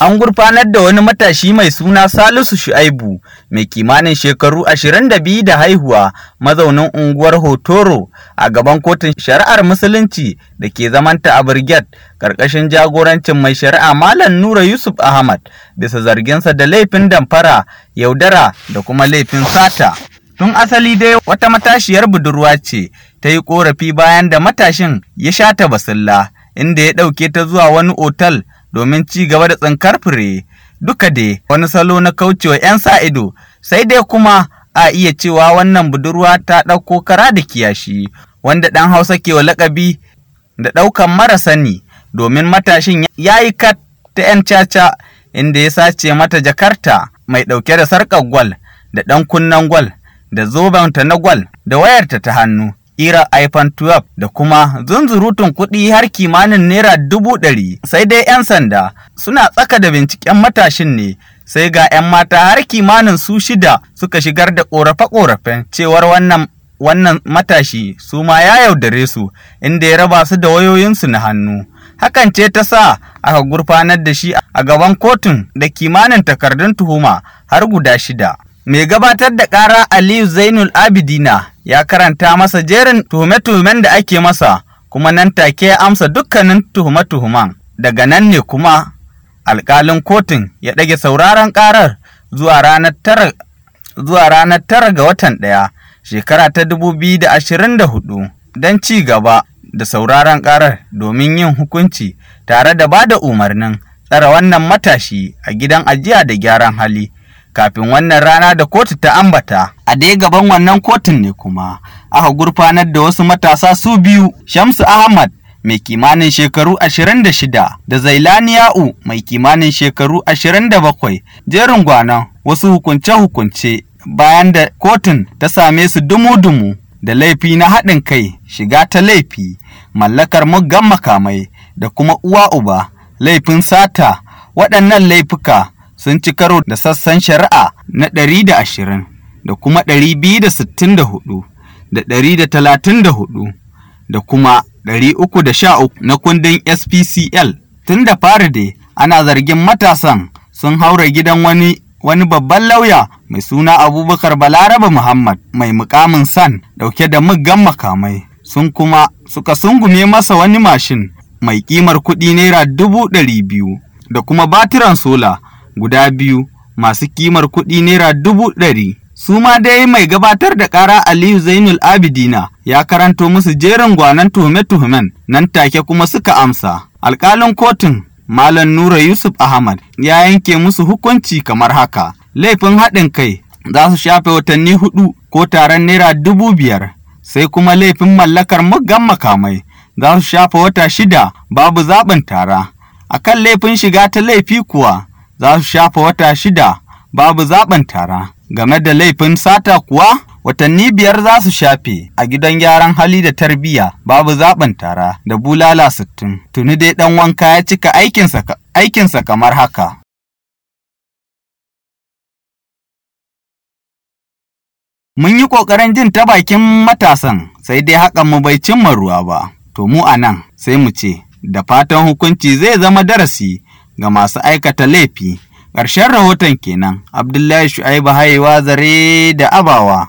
an gurfanar da wani matashi mai suna Salisu Shu'aibu mai kimanin shekaru 22 da haihuwa mazaunin unguwar Hotoro a gaban kotun shari'ar musulunci da ke zamanta a Birgit ƙarƙashin jagorancin mai shari'a Malam Nura Yusuf Ahmad bisa zarginsa da laifin damfara, yaudara da kuma laifin sata. Tun asali dai wata matashiyar budurwa ce ta yi korafi bayan da matashin ya sha ta basilla inda ya ɗauke ta zuwa wani otal domin ci gaba da tsinkar fure duka dai wani salo na kaucewa 'yan sa ido sai dai kuma a iya cewa wannan budurwa ta ɗauko kara da kiyashi wanda ɗan hausa ke wa lakabi da ɗaukan mara sani domin matashin ya yi kat ta 'yan caca inda ya sace mata jakarta mai ɗauke da sarƙar gwal da ɗan kunnen gwal da zobenta na gwal da wayarta ta hannu ira iPhone 12 da kuma zunzurutun kuɗi har kimanin naira dubu ɗari. Sai dai 'yan sanda suna tsaka da binciken matashin ne sai ga 'yan mata har kimanin su shida suka shigar da ƙorafe-ƙorafen cewar wannan wannan matashi su ma ya yaudare su inda ya raba su da wayoyinsu na hannu. Hakan ce ta sa aka gurfanar da shi a gaban kotun da kimanin takardun tuhuma har guda shida. mai gabatar da ƙara aliyu zainul abidina ya karanta masa jerin tuhume-tuhumen da ake masa kuma nan take ya amsa dukkanin tuhume-tuhuman daga nan ne kuma alkalin kotun ya ɗage sauraron ƙarar zuwa ranar tara ga watan ɗaya shekara ta dubu biyu da ashirin da hudu don ci gaba da sauraron ƙarar domin yin hukunci tare da ba da umarnin tsara wannan matashi a gidan ajiya da gyaran hali kafin wannan rana da kotu ta ambata. A dai gaban wannan kotun ne kuma aka gurfanar da wasu matasa su biyu Shamsu Ahmad mai kimanin shekaru 26 da Zailaniya'u mai kimanin shekaru ashirin 27 jerin gwana wasu hukunce-hukunce bayan da kotun ta same su dumu-dumu da laifi na haɗin kai shiga ta laifi mallakar muggan makamai da kuma uwa uba laifin sata waɗannan laifuka sun ci karo da sassan shari'a na 120 da kuma 264 da 134 da kuma 313 na kundin SPCL. Tun da fari dai ana zargin matasan sun haura gidan wani wani babban lauya mai suna abubakar balaraba muhammad mai mukamin san dauke da muggan makamai sun kuma suka sungume masa wani mashin mai kimar kuɗi naira dubu ɗari biyu da kuma batiran sola guda biyu masu kimar kuɗi naira dubu ɗari. Su ma dai mai gabatar da ƙara Aliyu Zainul Abidina ya karanto musu jerin gwanan tuhume-tuhumen nan take kuma suka amsa. Alƙalin kotun Malam Nura Yusuf Ahmad ya yanke musu hukunci kamar haka. Laifin haɗin kai za su shafe watanni hudu ko taron naira dubu biyar sai kuma laifin mallakar muggan makamai za su shafe wata shida babu zaɓin tara. Akan laifin shiga ta laifi kuwa za su shafa wata shida babu zaben tara game da laifin sata kuwa watanni biyar za su shafe a gidan gyaran hali da tarbiyya babu zaben tara da bulala sittin tuni dai ɗan wanka ya cika aikinsa kamar haka mun yi ƙoƙarin jin ta bakin matasan sai dai hakan mu bai cimma ruwa ba to mu a nan sai mu ce da fatan hukunci zai zama darasi ga masu aikata laifi. Ƙarshen rahoton kenan, Abdullahi Shu'aibu Haiwa Zare da Abawa.